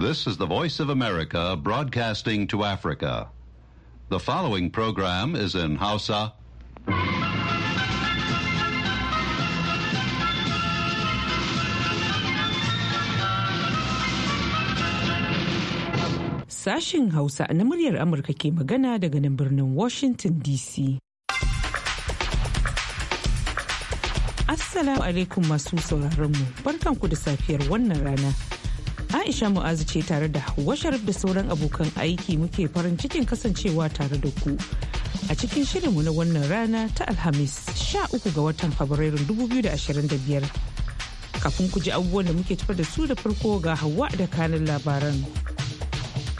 This is the Voice of America broadcasting to Africa. The following program is in Hausa. Sashin Hausa na muryar Amurka ke magana daga nan birnin Washington DC. Assalamu alaikum masu sauraronmu, barkanku da safiyar wannan rana. Aisha Mu'azu ce tare da Hauwa da sauran abokan aiki muke farin cikin kasancewa tare da ku. A cikin shirinmu na wannan rana ta Alhamis 13 ga watan Fabrairun 2025. Kafin ku ji abubuwan da muke tafa da su da farko ga hawa da kanin labaran.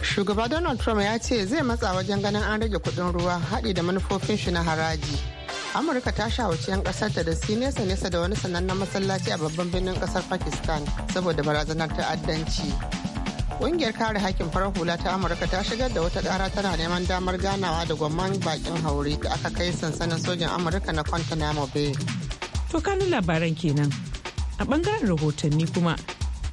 Shugaba Donald Trump ya ce zai matsa wajen ganin an rage kuɗin ruwa haɗi da manufofin shi na haraji. amurka ta shawarci 'yan kasarta da su nesa nesa da wani sanannen masallaci a babban birnin kasar pakistan saboda barazanar ta'addanci ƙungiyar kare hakkin farar hula ta amurka ta shigar da wata kara tana neman damar ganawa da gwamnan bakin haure da aka kai sansanin sojin amurka na guantanamo bay to labaran kenan a bangaren rahotanni kuma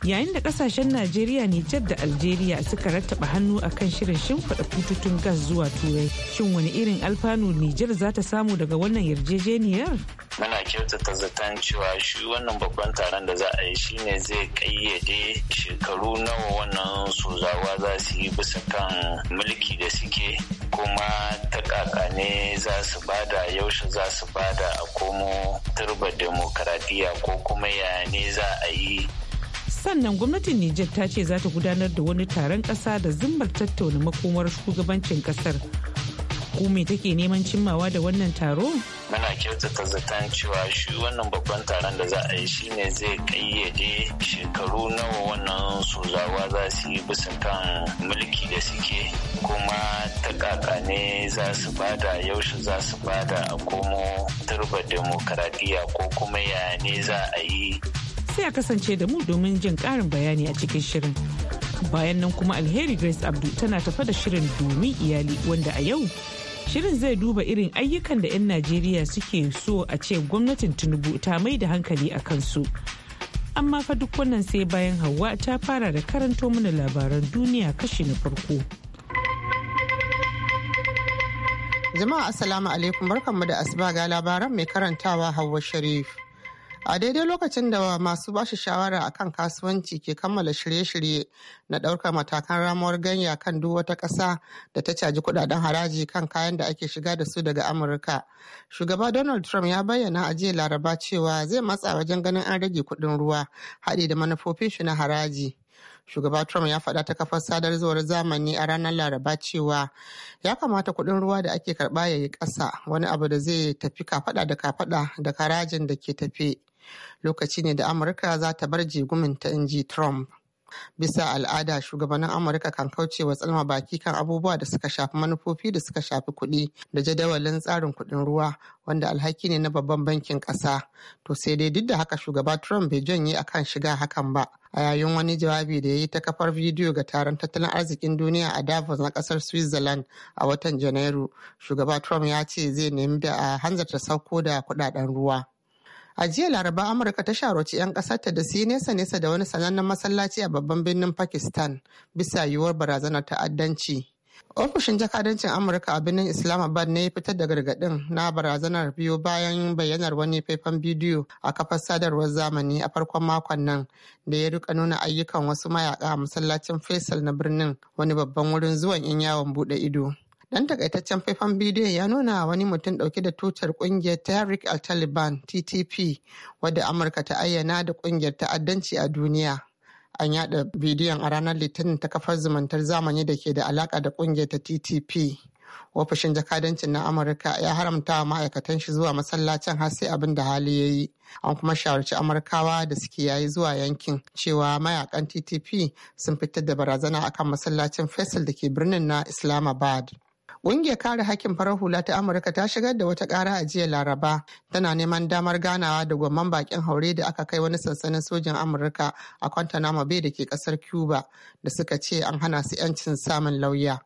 yayin da kasashen najeriya nijar da algeria suka rattaba hannu a kan shirin shimfiɗa kututun gas zuwa turai shin wani irin alfanu nijar za ta samu daga wannan yarjejeniyar muna kyautata zaton cewa shi wannan babban taron da za a yi shine zai kayyade shekaru nawa wannan sozawa za su yi bisa kan mulki da suke kuma ta kakane za su bada yaushe za su bada a komo turba demokaradiyya ko kuma yane za a yi sannan gwamnatin nijar ta ce za ta gudanar da wani taron ƙasa da zimmar tattauna makomar shugabancin ƙasar Kume take neman cimmawa da wannan taro muna kyautata zaton cewa shi wannan babban taron da za a yi shi ne zai kayyade shekaru nawa wannan suzawa za su yi bisa kan mulki da suke kuma ta kaka ne za su bada yaushe za su bada a komo turba demokaradiyya ko kuma ya ne za a yi sai a kasance da mu domin jin karin bayani a cikin shirin. Bayan nan kuma Alheri Grace Abdu tana tafa da shirin domin iyali wanda a yau shirin zai duba irin ayyukan da 'yan Najeriya suke so a ce gwamnatin Tinubu ta mai da hankali a kansu. Amma fa duk wannan sai bayan Hauwa ta fara da karanto mana labaran duniya kashi na farko. Jama'a Assalamu alaikum barkanmu da asuba ga labaran mai karantawa Hauwa Sharif. a daidai lokacin da masu bashi shawara akan kasuwanci ke kammala shirye-shirye na ɗaukar matakan ramuwar ganya kan duk wata ƙasa da ta caji kudaden haraji kan kayan da ake shiga da su daga amurka shugaba donald trump ya bayyana a jiya laraba cewa zai matsa wajen ganin an rage kuɗin ruwa haɗi da manufofin shi na haraji shugaba trump ya faɗa ta kafar sadar zamani a ranar laraba cewa ya kamata kuɗin ruwa da ake karɓa ya yi ƙasa wani abu da zai tafi kafaɗa da kafaɗa da karajin da ke tafi. lokaci ne da amurka za ta bar Jigumin in ji trump bisa al'ada shugabannin amurka kan kauce wa tsalma baki kan abubuwa da suka shafi manufofi da suka shafi kuɗi da jadawalin tsarin kuɗin ruwa wanda alhaki ne na babban bankin ƙasa to sai dai duk da haka shugaba trump bai janye akan shiga hakan ba a yayin wani jawabi da ya yi ta kafar bidiyo ga taron tattalin arzikin duniya a davos na kasar switzerland a watan janairu shugaba trump ya ce zai nemi da a hanzarta sauko da kuɗaɗen ruwa A jiya Laraba Amurka ta sharoci 'yan ƙasarta da su yi nesa-nesa da wani sanannen masallaci a babban birnin Pakistan bisa yiwuwar barazanar ta'addanci. Ofishin jakadancin Amurka a birnin Islamabad ne ya fitar da gargaɗin na barazanar biyu bayan bayyanar wani faifan bidiyo a kafar sadarwar zamani a farkon makon nan da ya rika nuna ayyukan wasu mayaka a masallacin Faisal na birnin wani babban wurin zuwan 'yan yawon buɗe ido. Dan takaitaccen faifan bidiyon ya nuna wani mutum dauke da tutar kungiyar Tariq al-Taliban TTP wadda Amurka ta ayyana da kungiyar ta'addanci a duniya. An yada bidiyon a ranar Litinin ta kafar zumuntar zamani da ke da alaka da kungiyar ta TTP. ofishin jakadancin na amurka ya haramta wa ma'aikatan shi zuwa masallacin har sai abin da hali ya yi an kuma shawarci amurkawa da suke yayi zuwa yankin cewa mayakan ttp sun fitar da barazana akan masallacin faisal da ke birnin na islamabad Ƙungiyar kare hakkin farar hula ta Amurka ta shigar da wata ƙara a jiya Laraba tana neman damar ganawa da gwamman bakin haure da aka kai wani sansanin sojin Amurka a Guantanamo Bay da ke ƙasar Cuba da suka ce an hana su 'yancin samun lauya.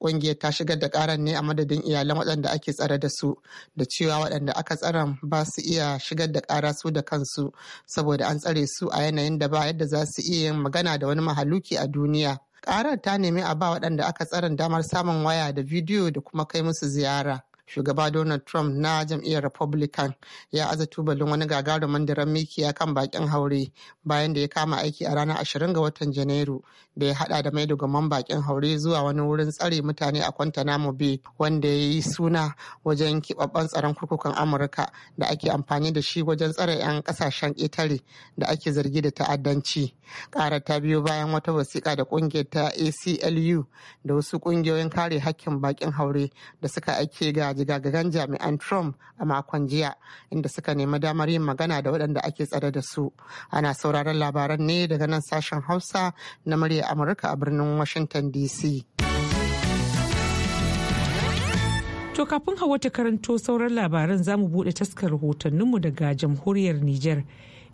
Ƙungiyar ta shigar da ƙaran ne a madadin iyalan waɗanda ake tsare da su da cewa waɗanda aka tsara ba su iya shigar da ƙara su da kansu saboda an tsare su a yanayin da ba yadda za su iya yin magana da wani mahaluki a duniya. Karar ta nemi a ba waɗanda aka tsaron damar samun waya da bidiyo da kuma kai musu ziyara. shugaba donald trump na jam'iyyar republican ya aza tubalin wani gagarumin daren mikiya kan bakin haure bayan da ya kama aiki a ranar ashirin ga watan janairu da ya hada da maido gaman bakin haure zuwa wani wurin tsare mutane a guantanamo bay wanda ya yi suna wajen kibabban tsaron kurkukan amurka da ake amfani da shi wajen tsare 'yan kasashen ƙetare da ake zargi da ta'addanci ƙara ta biyo bayan wata wasiƙa da ƙungiyar ta aclu da wasu ƙungiyoyin kare hakkin bakin haure da suka aike ga jigagigan jami'an Trump a makon jiya inda suka nemi damar yin magana da waɗanda ake tsare da su. Ana sauraron labaran ne daga nan sashen Hausa na murya Amurka a birnin Washington DC. To kafin hawa ta karanto sauran labaran za mu buɗe taskar rahotanninmu daga jamhuriyar Nijar.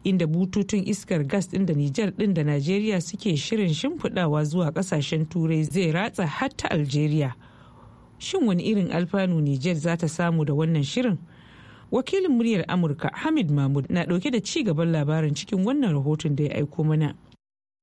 inda bututun iskar gas ɗin da Nijar ɗin da Najeriya suke shirin shimfiɗawa zuwa ƙasashen turai zai ratsa hatta Algeria. shin wani irin alfanu Nijar za ta samu da wannan shirin? Wakilin muryar Amurka Hamid Mahmud na ɗauke da ci gaban labarin cikin wannan rahoton da ya aiko mana.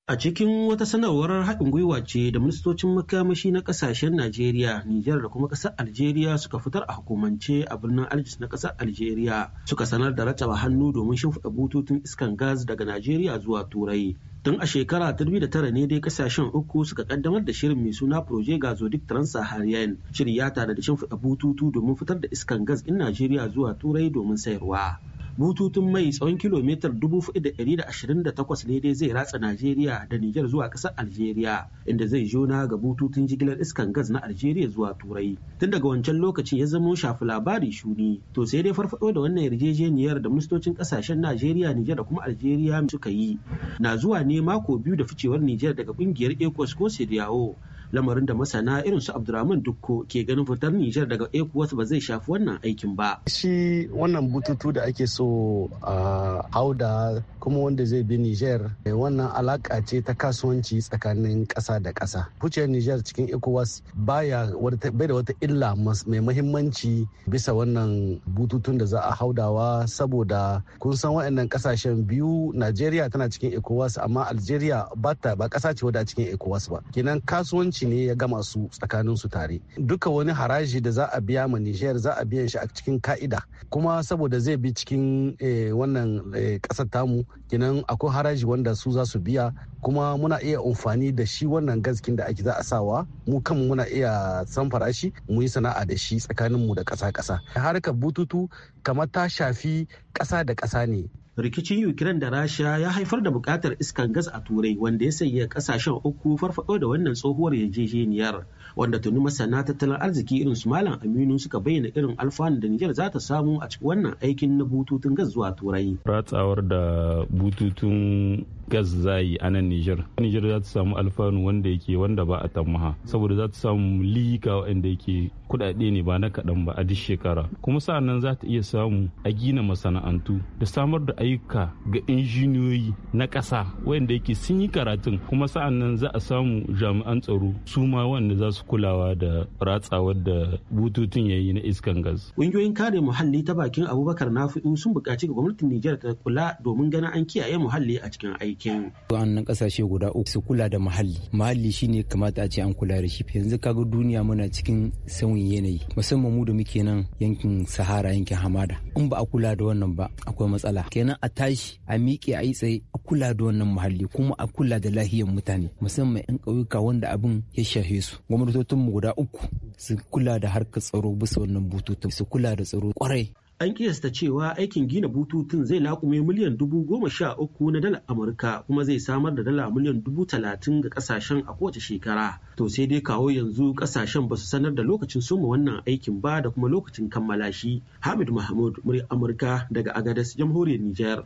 A cikin wata sanarwar haɗin gwiwa ce da ministocin makamashi na ƙasashen Najeriya, Nijar da kuma ƙasar Algeria suka fitar a hukumance a birnin Aljis na ƙasar Algeria suka sanar da rataba hannu domin shimfiɗa bututun iskan gas daga Najeriya zuwa Turai. tun a shekara ta tara ne dai kasashen uku suka kaddamar da shirin mai suna proje duk transaharian shirya ya tare da shimfiɗa bututu domin fitar da iskan gas in najeriya zuwa turai domin sayarwa bututun mai tsawon kilomitar 4,128 ne dai zai ratsa Najeriya da Nijar zuwa ƙasar Algeria inda zai jona ga bututun jigilar iskan gas na Algeria zuwa Turai. Tun daga wancan lokaci ya zama shafi labari shuni to sai dai farfado da wannan yarjejeniyar da ministocin ƙasashen Najeriya, Nijar da kuma Algeria suka yi na zuwa ne mako biyu da ficewar Nijar daga ƙungiyar ECOWAS ko Sediyawo lamarin da masana irin su abdurrahman dukko ke ganin fitar nijar daga ecowas ba zai shafi wannan aikin ba shi wannan bututu da ake so a hauda kuma wanda zai bi nijar eh, wannan alaka ce ta kasuwanci tsakanin kasa da kasa kuciyar nijar cikin ecowas baya bai da wata illa mai mahimmanci bisa wannan bututun da za a haudawa saboda kun san waɗannan kasashen biyu najeriya tana cikin ecowas amma algeria ba ta ba ƙasa ce wadda cikin ecowas ba kenan kasuwanci bashi ne ya gama su tsakanin su tare duka wani haraji da za a biya ma Niger za a biyan shi a cikin ka'ida kuma saboda zai bi cikin eh, wannan kasar eh, tamu ginan akwai haraji wanda su za su biya kuma muna iya amfani da shi wannan gaskin da ake za a sawa mu kan muna iya san farashi mu yi sana'a da shi tsakanin mu da kasa kasa harkar bututu kamar ta shafi ƙasa da ƙasa ne rikicin ukraine da rasha ya haifar da bukatar iskan gas a turai wanda ya sanya kasashen uku farfado da wannan tsohuwar yarjejeniyar wanda tuni masana tattalin arziki irin su malam aminu suka bayyana irin alfanu da niger za ta samu a cikin wannan aikin na bututun gas zuwa turai ratsawar da bututun gas za a nan niger niger za ta samu alfanu wanda yake wanda ba a tamaha saboda za ta samu lika wanda yake kudade ne ba na kaɗan ba a duk shekara kuma sa'an nan za ta iya samu a gina masana'antu da samar da ayyuka ga injiniyoyi na ƙasa wanda yake sun yi karatun kuma sa'an nan za a samu jami'an tsaro su ma wanda za su kulawa da ratsawar da bututun ya yi na iskan gas. Ƙungiyoyin kare muhalli ta bakin Abubakar Nafi'u sun bukaci ga gwamnatin Nijar ta kula domin ganin an kiyaye muhalli a cikin aikin. Wannan ƙasashe guda uku su kula da muhalli. Muhalli shine kamata a ce an kula da shi. Yanzu kaga duniya muna cikin sauyi sauyin yanayi musamman mu da muke nan yankin sahara yankin hamada in ba a kula da wannan ba akwai matsala kenan a tashi a miƙe a yi tsaye a kula da wannan muhalli kuma a kula da lahiyar mutane musamman 'yan ƙauyuka wanda abin ya shafe su mu guda uku su kula da harkar tsaro bisa wannan bututun su kula da tsaro kwarai an kiyasta cewa aikin gina bututun zai laƙume miliyan dubu goma sha uku na dala amurka kuma zai samar da dala miliyan dubu talatin ga kasashen a kowace shekara to sai dai kawo yanzu kasashen ba su sanar da lokacin soma wannan aikin ba da kuma lokacin kammala shi hamid mahmud murya amurka daga agadas jamhuriyar nijar.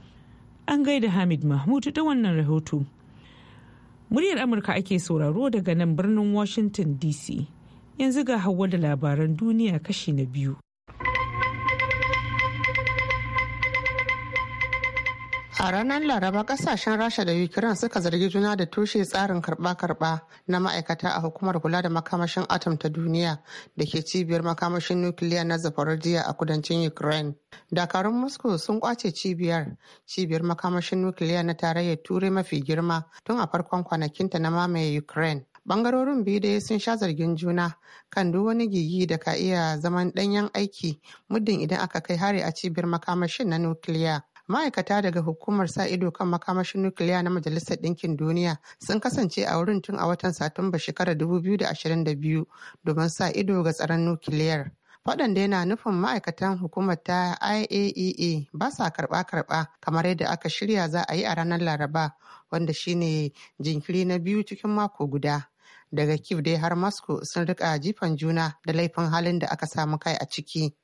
an gaida hamid mahmud da wannan rahoto muryar amurka ake sauraro daga nan birnin washington dc yanzu ga hawa da labaran duniya kashi na biyu A ranar Laraba kasashen Rasha da Ukraine suka zargi juna da tushe tsarin karba-karba na ma'aikata a hukumar kula da makamashin atom ta duniya da ke cibiyar makamashin nukiliya na Zaporozhye a kudancin Ukraine. Dakarun Moscow sun kwace cibiyar cibiyar makamashin nukiliya na tarayyar Turai mafi girma tun a farkon kwanakinta na mamaye Ukraine. bangarorin biyu dai sun sha zargin juna kan duk wani gigi da ka iya zaman danyen aiki muddin idan aka kai hari a cibiyar makamashin na nukiliya ma'aikata daga hukumar sa ido kan makamashin nukiliya na majalisar ɗinkin duniya sun kasance a wurin tun a watan satumba shekarar biyu domin sa ido ga tsaron nukiliyar waɗanda yana nufin ma'aikatan hukumar ta IAEA e ba sa karɓa-karɓa kamar yadda aka shirya za a yi a ranar Laraba wanda shine jinkiri na biyu cikin mako guda. Daga kif dai har Moscow sun rika jifan juna da laifin halin da aka samu kai a ciki.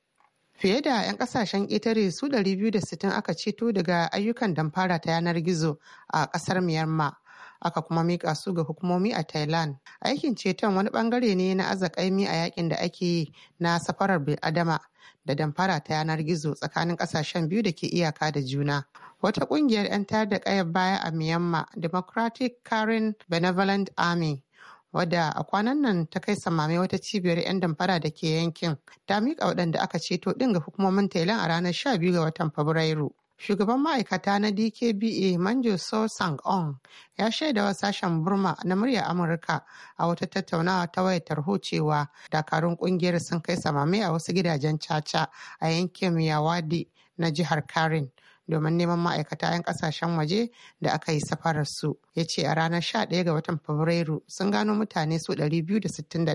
Fiye da 'yan kasashen ƙetare su 260 aka ceto daga ayyukan damfara ta yanar gizo a kasar Myanmar. Aka kuma mika su ga hukumomi a Thailand. Aikin ceton wani bangare ne na azakaimi a yakin da ake yi na safarar bil'adama da damfara ta yanar gizo tsakanin kasashen biyu da ke iyaka da juna. Wata kungiyar 'yan tayar da kayan baya a Myanmar, Democratic Karen Benevolent Army, wadda a kwanan nan ta kai samame wata cibiyar 'yan damfara da ke yankin ta miƙa waɗanda aka ceto ɗin ga hukumomin tailan a ranar 12 ga watan fabrairu shugaban ma'aikata na dkba manjo so sang on ya shaidawa sashen burma na murya amurka a wata tattaunawa ta wayar tarho cewa dakarun ƙungiyar sun kai samame a wasu gidajen caca a yankin yawadi na jihar karin domin neman ma'aikata 'yan kasashen waje da aka yi safararsu. Ya ce a ranar 11 ga watan Fabrairu sun gano mutane su 261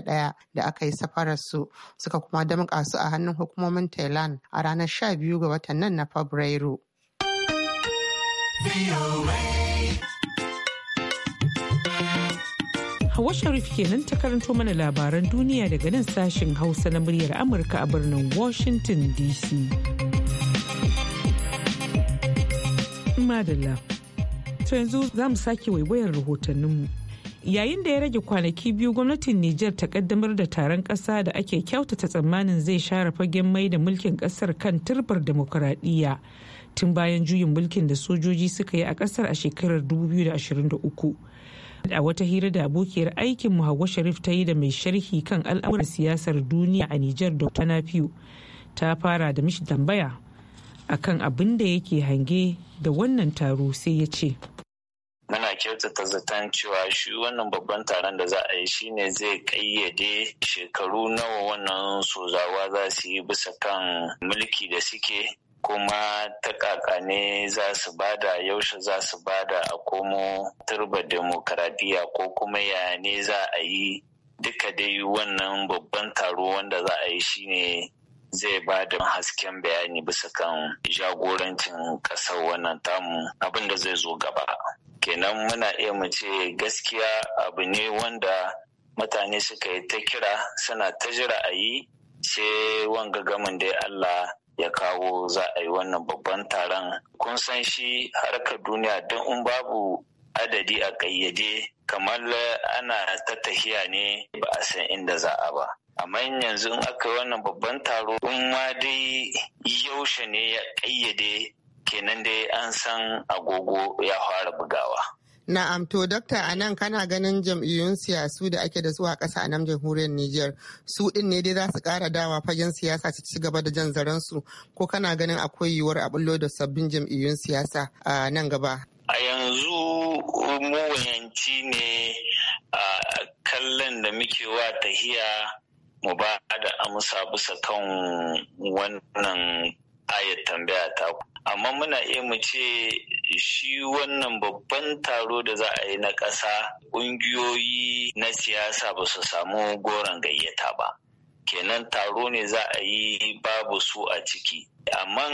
da aka yi safararsu suka kuma damƙa su a hannun hukumomin Thailand a ranar 12 ga watan nan na Fabrairu. Hawa Sharif kenan ta karanto mana labaran duniya daga nan sashen Hausa na muryar Amurka a birnin Washington DC. madalla. To yanzu za mu sake waiwayar rahotanninmu. Yayin da ya rage kwanaki biyu gwamnatin Nijar ta kaddamar da taron ƙasa da ake kyautata tsammanin zai share fagen mai da mulkin ƙasar kan turbar demokuraɗiyya tun bayan juyin mulkin da sojoji suka yi a ƙasar a shekarar 2023. a wata hira da abokiyar aikin mu Hauwa Sharif ta yi da mai sharhi kan al'amuran siyasar duniya a Nijar Dr. Nafiu ta fara da mishi tambaya akan abin da yake hange da wannan taro sai ya ce muna kyautata zaton cewa shi wannan babban taron da za a yi shi ne zai kayyade shekaru nawa wannan sozawa za su yi bisa kan mulki da suke kuma ta kakane za su bada yaushe za su bada a komo turba demokaradiyya ko kuma ya ne za a yi duka dai wannan babban taro wanda za a yi shi ne. zai ba da hasken bayani bisa kan jagorancin ƙasar wannan tamu abin da zai zo gaba kenan muna iya mu ce gaskiya abu ne wanda mutane suka yi ta kira suna ta jira a yi sai wanga gamin da Allah ya kawo za a yi wannan babban taron kun san shi harkar duniya don in babu adadi a ƙayyade kamar ana ta tahiya ne ba a san inda za a ba amma yanzu in aka yi wannan babban taro in ma dai yaushe ne ya ƙayyade kenan dai an san agogo ya fara bugawa. Na'am to dokta a nan kana ganin jam'iyyun siyasu da ake da su a ƙasa nan jamhuriyar Nijar su ɗin ne dai za su ƙara dawa fagen siyasa su ci gaba da jan zaransu, su ko kana ganin akwai yiwuwar a bullo da sabbin jam'iyyun siyasa a nan gaba. A yanzu mu wayanci ne a kallon da muke wa tahiya mu ba da amsa bisa kan wannan ayat tambaya ta amma muna iya mu ce shi wannan babban taro da za a yi na ƙasa ƙungiyoyi na siyasa ba su samu goron gayyata ba kenan taro ne za a yi babu su a ciki amma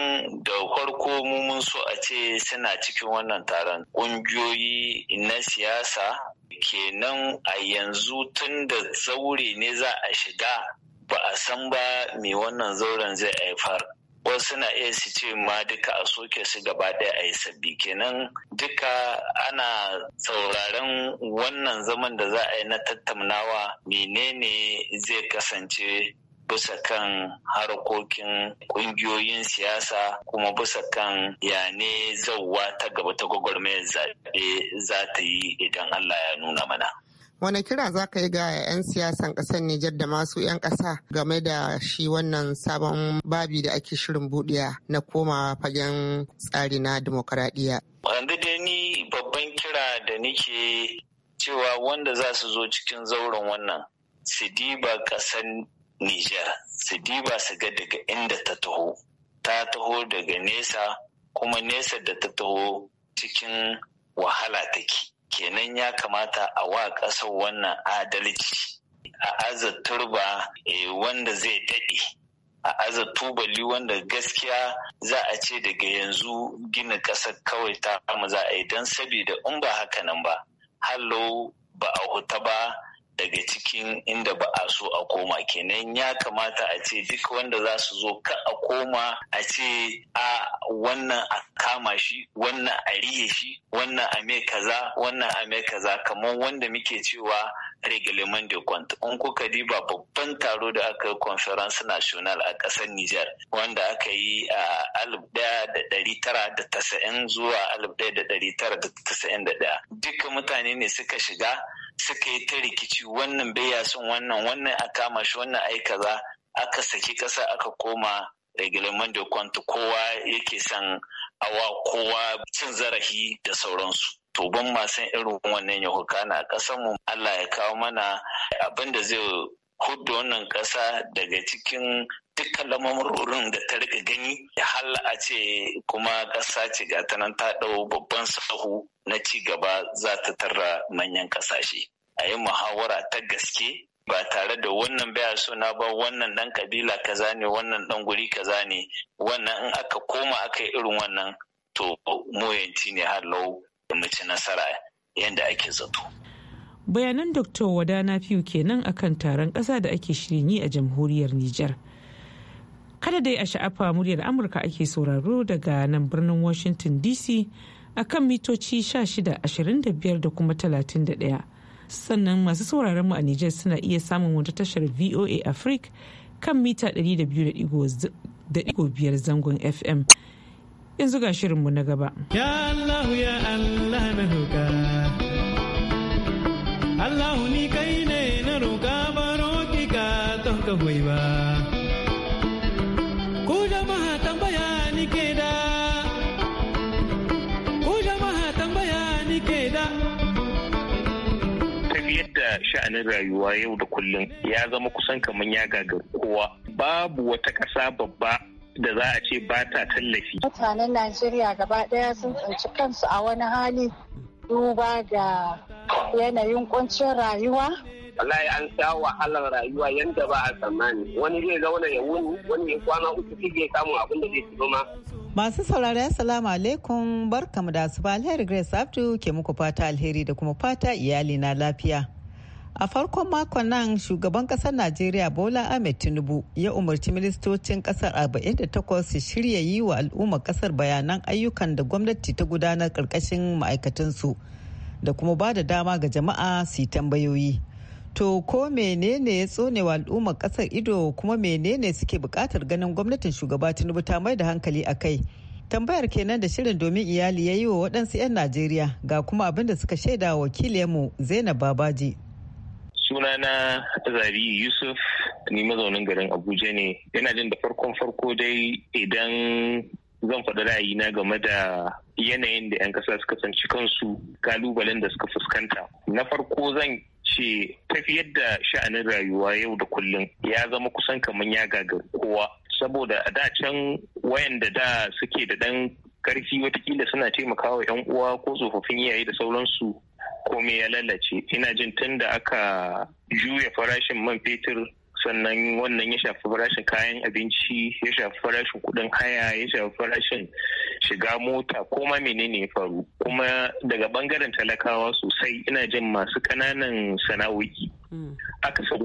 da farko mun so a ce suna cikin wannan taron ƙungiyoyi na siyasa kenan a yanzu tun da zaure ne za a shiga ba a san ba mai wannan zauren zai haifar wasu na iya su ce ma duka a soke su gaba ɗaya a yi sabbi kenan duka ana sauraron wannan zaman da za a yi na tattaunawa menene zai kasance bisa kan harkokin ƙungiyoyin siyasa kuma bisa kan yane zauwa ta gaba ta gwagwarmayar zaɓe za ta yi idan Allah ya nuna mana. wani kira za ka yi ga 'yan siyasan ƙasar Nijar da masu 'yan ƙasa game da shi wannan sabon babi da ake shirin buɗiya na koma fagen tsari na demokaradiyya? Wanda dai ni babban kira da nike cewa wanda za su zo cikin zauren wannan su diba ƙasar Nijar, su diba su ga daga inda ta taho. Ta taho daga nesa kuma nesa da ta taho cikin wahala take. kenan ya kamata a wa ƙasar wannan adalci a aza turba eh, wanda zai daɗe a aza tubali wanda gaskiya za a ce daga yanzu gina ƙasar kawai ta za a yi don sabida in ba haka nan ba hallo ba a huta ba daga cikin inda ba a so a koma kenan ya kamata a ce duk wanda za su zo ka a koma a ce a wannan a kama shi wannan a riye shi wannan a me kaza wannan a me kaza kamar wanda muke cewa regulament de compte in kuka diba babban taro da aka yi conference national a ƙasar Niger wanda aka yi a 1990 zuwa 1991 duka mutane ne suka shiga suka yi ta rikici wannan bai ya wannan wannan a kama shi wannan aika kaza aka saki ƙasa aka koma regulamen de kwanta kowa yake son awa kowa cin zarafi da sauransu. to ban ma san irin wannan ya hukana na kasan mu Allah ya kawo mana abin da zai hudu wannan ƙasa daga cikin dukkan wurin da ta rika gani ya halla a ce kuma ƙasa ce ga ta nan ta ɗau babban sahu na ci gaba za ta tarra manyan ƙasashe a yi muhawara ta gaske ba tare da wannan baya suna ba wannan ɗan kabila kaza ne wannan ɗan guri kaza ne wannan in aka koma aka yi irin wannan to moyanci ne har lau da nasara yadda ake zato. bayanan dr wadana fiyu kenan akan taron ƙasa da ake shirin yi a jamhuriyar nijar Kada dai a sha'afa muryar Amurka ake sauraro daga nan birnin Washington DC a kan mitoci 1625 da kuma 31. Sannan masu sauraron mu a Nijar suna iya samun wata tashar VOA Africa kan mita 200.5 zangon FM. Yanzu ga shirinmu na gaba. Ya Allah ni kai ne na roƙa baro ki ka tohka ba. sha'anin rayuwa yau da kullum ya zama kusan kamar ya gaga kowa babu wata ƙasa babba da za a ce ba ta tallafi. Mutanen Najeriya gaba ɗaya sun tsinci kansu a wani hali duba da yanayin kuncin rayuwa. Wallahi an sha wahalar rayuwa yadda ba a tsammani. Wani zai zauna ya wuni, wani ya kwana uku shi zai samu abin da zai ci Masu saurari assalamu alaikum barkamu da asuba alheri Grace Abdu ke muku fata alheri da kuma fata iyali na lafiya. A farkon makon nan shugaban kasar Najeriya Bola Ahmed Tinubu ya umarci ministocin kasar 48 su shirya yi wa al'ummar kasar bayanan ayyukan da gwamnati ta gudanar karkashin ma'aikatansu da kuma ba da dama ga jama'a su yi tambayoyi. To ko menene ya tsone wa al'ummar kasar ido kuma menene suke bukatar ganin gwamnatin shugaba Tinubu ta mai da hankali a kai? Tambayar kenan da shirin domin iyali ya yi wa waɗansu 'yan Najeriya ga kuma abin da suka shaida wakiliyarmu Zainab Babaji sunana zari yusuf ni mazaunin garin abuja ne yana jin da farkon farko dai idan zan faɗi ra'ayina game da yanayin da 'yan ƙasa suka tsanci kansu kalubalen da suka fuskanta na farko zan ce tafiyar da sha'anin rayuwa yau da kullum ya zama kusan kamar ya gagar kowa saboda a da can wayanda da suke da ɗan karfi watakila suna taimakawa 'yan uwa ko tsofaffin iyaye da sauransu komai ya lalace ina jin tun da aka juya farashin man fetur sannan wannan ya shafi farashin kayan abinci ya shafi farashin kudin haya ya shafi farashin shiga mota koma menene ya faru kuma daga bangaren talakawa sosai ina jin masu kananan sana'o'i hmm. aka su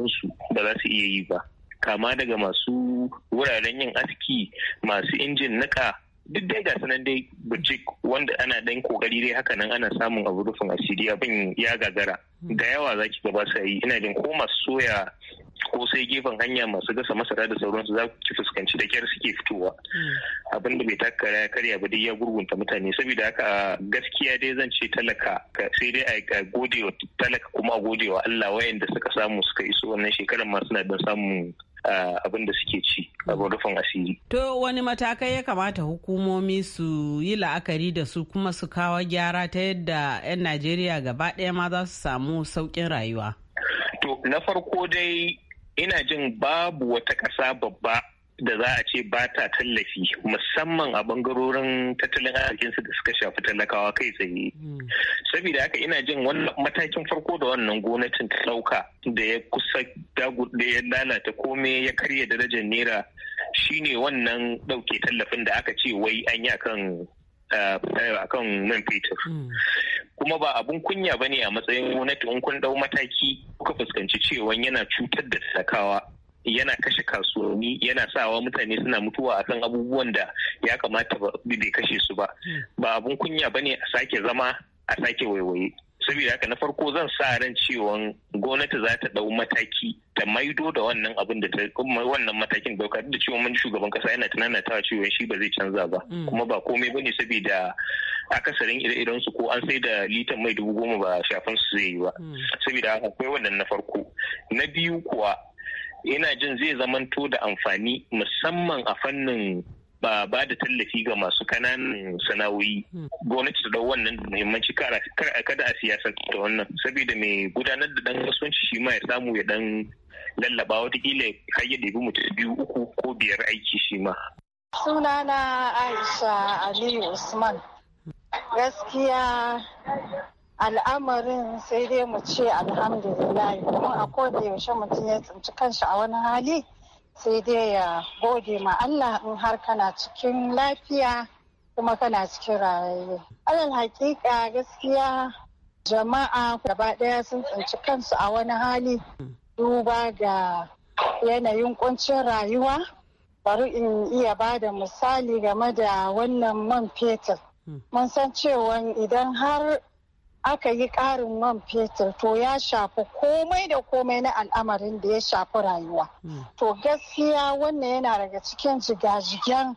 ba za su iya yi ba kama daga masu wuraren yin aski masu injin niƙa. duk dai ga sanan dai bujik wanda ana dan kokari dai haka nan ana samun abu rufin asiri abin ya gagara hmm. da yawa za ki gaba sai ina jin ko masu soya ko sai gefen hanya masu gasa masara da sauransu za ki fuskanci da kyar suke fitowa hmm. abin da bai takkara ya karya ba dai ya gurgunta mutane saboda haka gaskiya dai zan ce talaka sai dai a gode talaka kuma a gode wa Allah wayanda suka samu suka iso wannan shekarar ma suna dan samun abin da suke ci a rufin asiri. To wani matakai ya kamata hukumomi su yi la'akari da su kuma su kawo gyara ta yadda 'yan Najeriya gaba ɗaya ma za su samu sauƙin rayuwa. To na farko dai ina jin babu wata ƙasa babba da za a ce ba ta tallafi musamman a bangarorin tattalin arzikinsu da suka shafi talakawa kai tsaye. Hmm. Saboda haka ina jin wannan matakin farko da wannan gwamnatin ta ɗauka da ya kusa da ya lalata komai ya karya darajar naira shine wannan ɗauke tallafin da aka ce wai an yi akan eh, akan man fetur. Hmm. Kuma ba abun kunya ba ne a matsayin gwamnati in kun ɗau mataki kuka fuskanci cewa yana cutar da talakawa yana kashe kasuwanni yana sawa mutane suna mutuwa a kan abubuwan da ya kamata bai kashe su ba ba abun kunya ba ne a sake zama a sake waiwaye saboda haka na farko zan sa ran cewa gwamnati za ta dau mataki ta maido da wannan abin da ta wannan matakin dauka da cewa mun shugaban kasa yana tunana ta cewa shi ba zai canza ba mm. kuma ba komai bane saboda akasarin ire-iren su ko an sai da litan mai dubu goma ba shafan su zai yi ba mm. saboda haka akwai wannan na farko na biyu kuwa ina jin zai zamanto da amfani musamman a fannin ba ba da tallafi ga masu kananan sana'o'i hmm. gwamnati ta dau wannan muhimmanci kar kada a siyasar ta wannan saboda mai gudanar da dan kasuwanci shi ma ya samu ya dan lallaba watakila har ya debi mutum biyu uku ko biyar aiki shi ma. sunana aisha aliyu usman gaskiya al'amarin sai dai mu ce alhamdulillah kuma a koda yaushe mutum ya tsinci kanshi a wani hali sai dai ya gode ma Allah in har kana cikin lafiya kuma kana cikin rayayye. Alal hakika gaskiya jama'a gaba ɗaya sun tsinci kansu a wani hali duba ga yanayin kuncin rayuwa bari in iya ba da misali game da wannan man fetur. Hmm. Mun san cewa idan har aka yi ƙarin man fetur to ya shafi komai da komai na al'amarin da ya shafi rayuwa. Hmm. To gaskiya wannan yana daga cikin jigajigen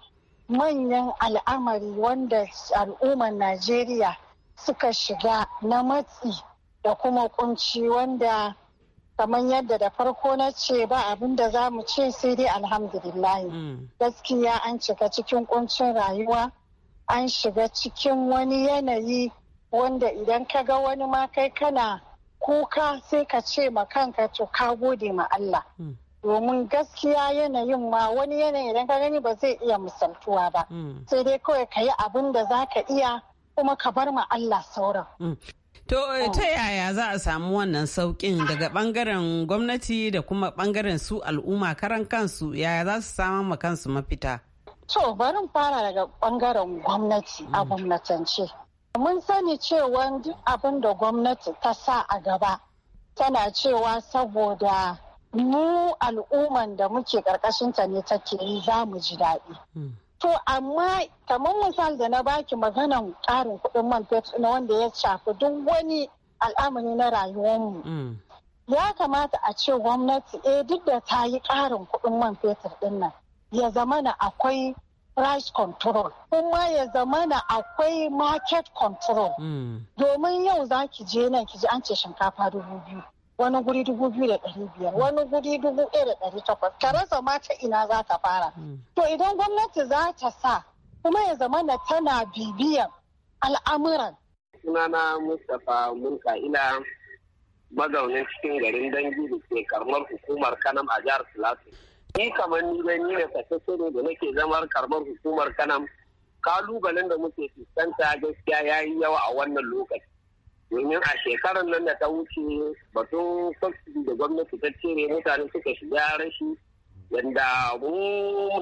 manyan al'amari wanda al'ummar Najeriya suka shiga na matsi da kuma kunci wanda kamar yadda da farko na ce ba abin da za mu ce sai dai alhamdulillahi. Hmm. Gaskiya an shiga cikin kuncin rayuwa, an shiga cikin wani yanayi. wanda idan ka ga wani ma kai kana kuka sai ka ce ma kanka to ka gode ma Allah hmm. domin gaskiya yanayin ma wani yanayi idan ka gani ba zai iya misaltuwa ba hmm. sai dai kawai ka yi abin da za ka iya kuma ka bar ma Allah sauran. Hmm. To eh, oh. ta yaya za a samu wannan sauƙin daga ɓangaren gwamnati da kuma ɓangaren su al'umma karan kansu yaya za su samu ma kansu mafita? To barin fara daga ɓangaren gwamnati a gwamnatance. Mun sani cewa duk abin da gwamnati ta sa a gaba tana cewa saboda mu al'umman da muke ƙarƙashinta ne take yi za mu ji daɗi. Hmm. To amma kamar misal da na baki maganan ƙarin kuɗin man fetur na wanda ya shafi duk wani al'amari na rayuwar mu, hmm. Ya kamata a ce gwamnati eh duk da ta yi ƙarin kuɗin man fetur ɗin nan ya zamana akwai price control kuma ya zamana akwai market control hmm. domin yau za ki je nan ki ji an ce shinkafa dubu biyu wani guri dubu biyu da ɗari biyar wani guri dubu ɗaya da ɗari takwas ka rasa ma ta ina za ka fara hmm. to idan gwamnati za ta sa kuma ya zamana tana bibiyan al'amuran sunana mustapha munka ina mazaunin cikin garin dangi da ke karamar hukumar kanam a jihar plateau Ni kamar ni dai ni ne ne da nake zama karbar hukumar kanam, kalubalen da muke fuskanta gaskiya ya yi yawa a wannan lokaci. Domin a shekarar nan da ta wuce batun kwastin da gwamnati ta cire mutane suka shiga rashi wanda mu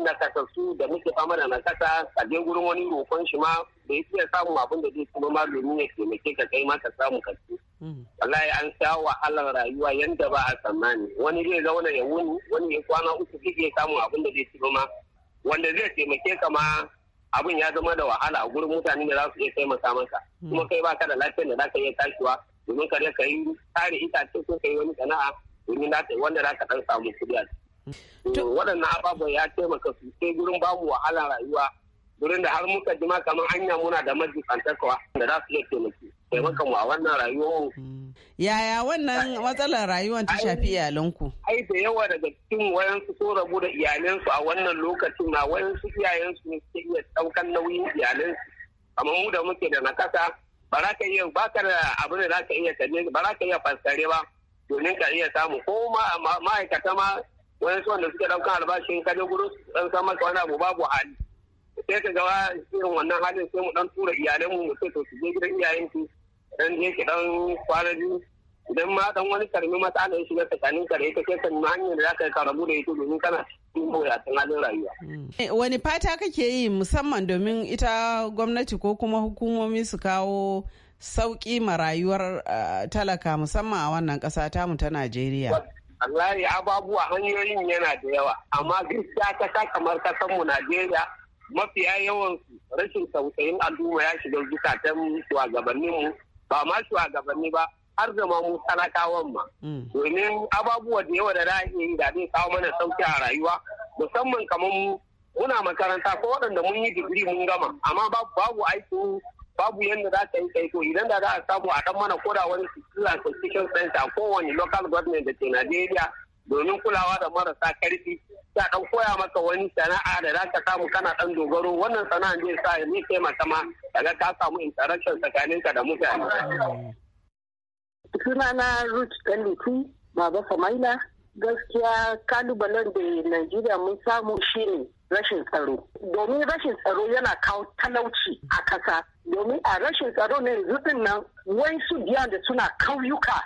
nakasassu da muke fama da nakasa a je gurin wani rokon shi ma da ya iya samun abin da zai kuma ma domin ya taimake ka kai ma ka samu kasu. Mm. Wallahi an sha wahalar rayuwa yanda ba a tsammani wani zai zauna ya wuni wani ya kwana uku zai iya samun abin da zai kuma ma wanda zai taimake ka ma abin ya zama da wahala a gurin mutane da za su iya taimaka maka mm. kuma kai ba ka da lafiyar da za ka iya tashiwa domin ka ka yi tare itace ko ka yi wani sana'a domin wanda za ka dan samu kuɗi waɗannan ababen ya taimaka sosai gurin babu wahala rayuwa gurin da har muka jima kamar hanya muna da majibantarwa da za su iya taimaki taimaka mu a wannan rayuwar mm. yaya wannan matsalar rayuwar ta shafi iyalanku ai da yawa daga cikin wayansu sun rabu da iyalansu a wannan lokacin na wayansu iyayensu ne suke iya ɗaukan nauyin iyalansu kamar mu da muke da nakasa ba za ka iya ba ka da abin da za ka iya ba za ka iya fassare ba domin ka iya samu ko ma'aikata ma wani su wanda suke ɗaukan albashin kaje guru dan ɗan samar maka wani abu babu hali sai ka gawa irin wannan halin sai mu ɗan tura iyalan mu sai to su je gidan iyayen su dan je ki ɗan kwana biyu idan ma ɗan wani karmi matsala ya shiga tsakanin kare da ita sai karmi hanyar da za ka karabu da ita domin kana rayuwa. Eh, wani fata kake yi musamman domin ita gwamnati ko kuma hukumomi su kawo sauƙi ma rayuwar eh, talaka musamman a wannan ƙasa tamu ta Najeriya. Allahi ababuwa hanyoyin yana da yawa amma gaskiya kasa kamar kasan mu Najeriya mafiya yawan rashin tausayin al'umma ya shiga zukatan shugabannin mu ba ma shugabanni ba har zama mu talakawan ma mm. domin ababuwa da yawa da za yi da zai kawo mana sauki a rayuwa musamman kamar mu muna makaranta ko waɗanda mun yi digiri mun gama amma babu aikin babu yadda za ta yi yi ko idan da za a samu a dan mana koda wani sisila constitution center kowane local government da ke nigeria domin kulawa da marasa karfi ta dan koya maka wani sana'a da za ka samu kana dan dogaro wannan sana'a zai sa ni taimaka ma daga ka samu interaction ka da mutane. Sunana Ruth Kalifi, Baba Samaila, gaskiya kalubalen da nigeria mun samu shine rashin tsaro domin rashin tsaro yana kawo talauci a ƙasa domin a rashin tsaro ne yanzu nan wai su biya da suna kauyuka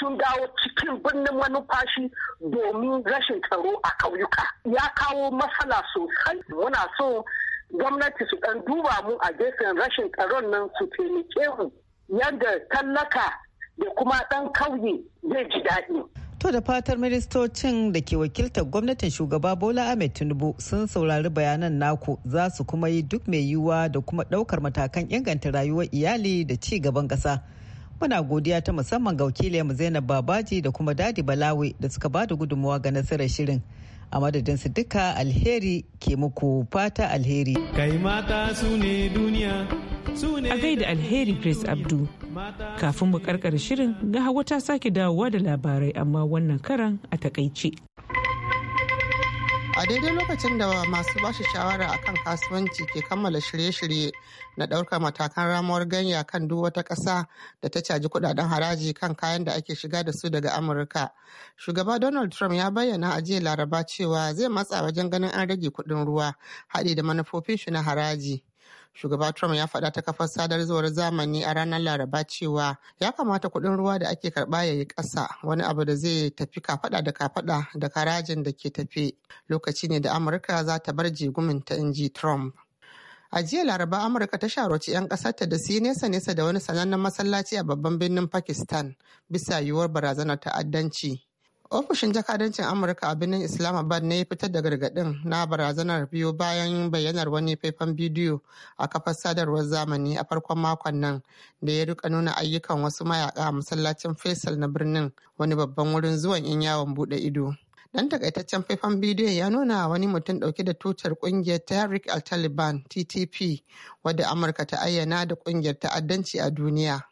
sun dawo cikin birnin manufashi domin rashin tsaro a ƙauyuka. ya kawo matsala sosai muna so gwamnati su ɗan duba mu a gefen rashin tsaron nan su taimake mu yadda tallaka da kuma ɗan kauye zai ji daɗi. To da fatar ministocin da ke wakiltar gwamnatin shugaba Bola Ahmed Tinubu sun saurari bayanan naku za su kuma yi duk mai yiwuwa da kuma ɗaukar matakan inganta rayuwar iyali da ci gaban ƙasa. Muna godiya ta musamman ga mu Zainab Babaji da kuma Dadi Balawi da suka ba da gudunmawa ga nasarar shirin. a madadin su duka alheri ke muku fata alheri. Kai mata su ne duniya a gaida alheri grace abdu kafin mu karkar shirin ga hawa ta sake dawowa da labarai amma wannan karan a takaice a daidai lokacin da masu bashi shawara a kan kasuwanci ke kammala shirye-shirye na ɗaukar matakan ramuwar ganya kan duk wata ƙasa da ta caji kudaden haraji kan kayan da ake shiga da su daga amurka shugaba donald trump ya bayyana a jiya laraba cewa zai matsa wajen ganin an rage kudin ruwa haɗe da manufofin shi na haraji Shugaba Trump ya faɗa ta kafar sadarwar zamani a ranar Laraba cewa ya kamata kuɗin ruwa da ake karɓa ya yi ƙasa wani abu da zai tafi kafaɗa da kafaɗa da karajin da ke tafe. Lokaci ne da Amurka za ta bar jigumin ta inji Trump. a jiya laraba amurka ta sharoci 'yan ƙasarta da su yi nesa nesa da wani sanannen masallaci a babban birnin pakistan bisa yiwuwar barazanar ta'addanci Ofishin jakadancin Amurka a birnin Islamabad ne fitar da gargadin na barazanar biyu bayan bayyanar wani faifan bidiyo a kafar sadarwar zamani a farkon makon nan da ya rika nuna ayyukan wasu mayaka a masallacin Faisal na birnin wani babban wurin zuwan 'yan yawon bude ido. Dan takaitaccen faifan bidiyo ya nuna wani mutum dauke da tutar kungiyar Tariq al-Taliban TTP wadda Amurka ta ayyana da kungiyar ta'addanci a duniya.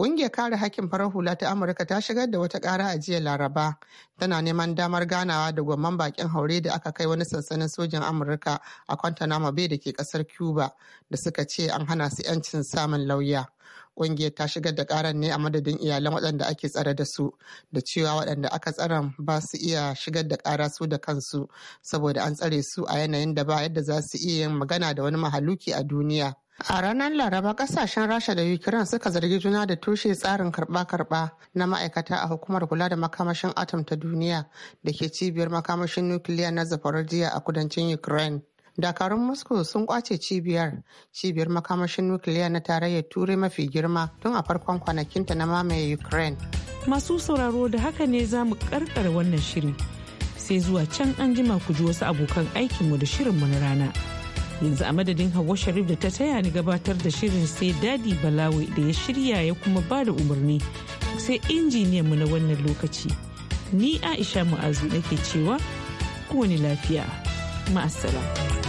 Ƙungiyar kare hakkin farar hula ta Amurka ta shigar da wata ƙara a jiya Laraba tana neman damar ganawa da gwamman bakin haure da aka kai wani sansanin sojin Amurka a Guantanamo Bay da ke ƙasar Cuba da suka ce an hana su 'yancin samun lauya. Ƙungiyar ta shigar da ƙarar ne a madadin iyalan waɗanda ake tsare da su da cewa waɗanda aka tsara ba su iya shigar da ƙara su da kansu saboda an tsare su a yanayin da ba yadda za su iya yin magana da wani mahaluki a duniya. A ranar Laraba kasashen Rasha da Ukraine suka zargi juna da tushe tsarin karba-karba na ma'aikata a hukumar kula da makamashin atom ta duniya da ke cibiyar makamashin nukiliya na Zaporozhye a kudancin Ukraine. dakarun moscow sun kwace cibiyar cibiyar makamashin nukiliya na tarayyar turai mafi girma tun a farkon kwanakinta na mamaye ukraine masu sauraro da haka ne za mu wannan shirin, sai zuwa can an jima ku ji wasu abokan aikinmu da shirinmu na rana yanzu a madadin hawa sharif da ta taya ni gabatar da shirin sai dadi balawi da ya shirya ya kuma ba da umarni sai injiniyan mu na wannan lokaci ni aisha mu'azu nake cewa kowane lafiya ma'asala.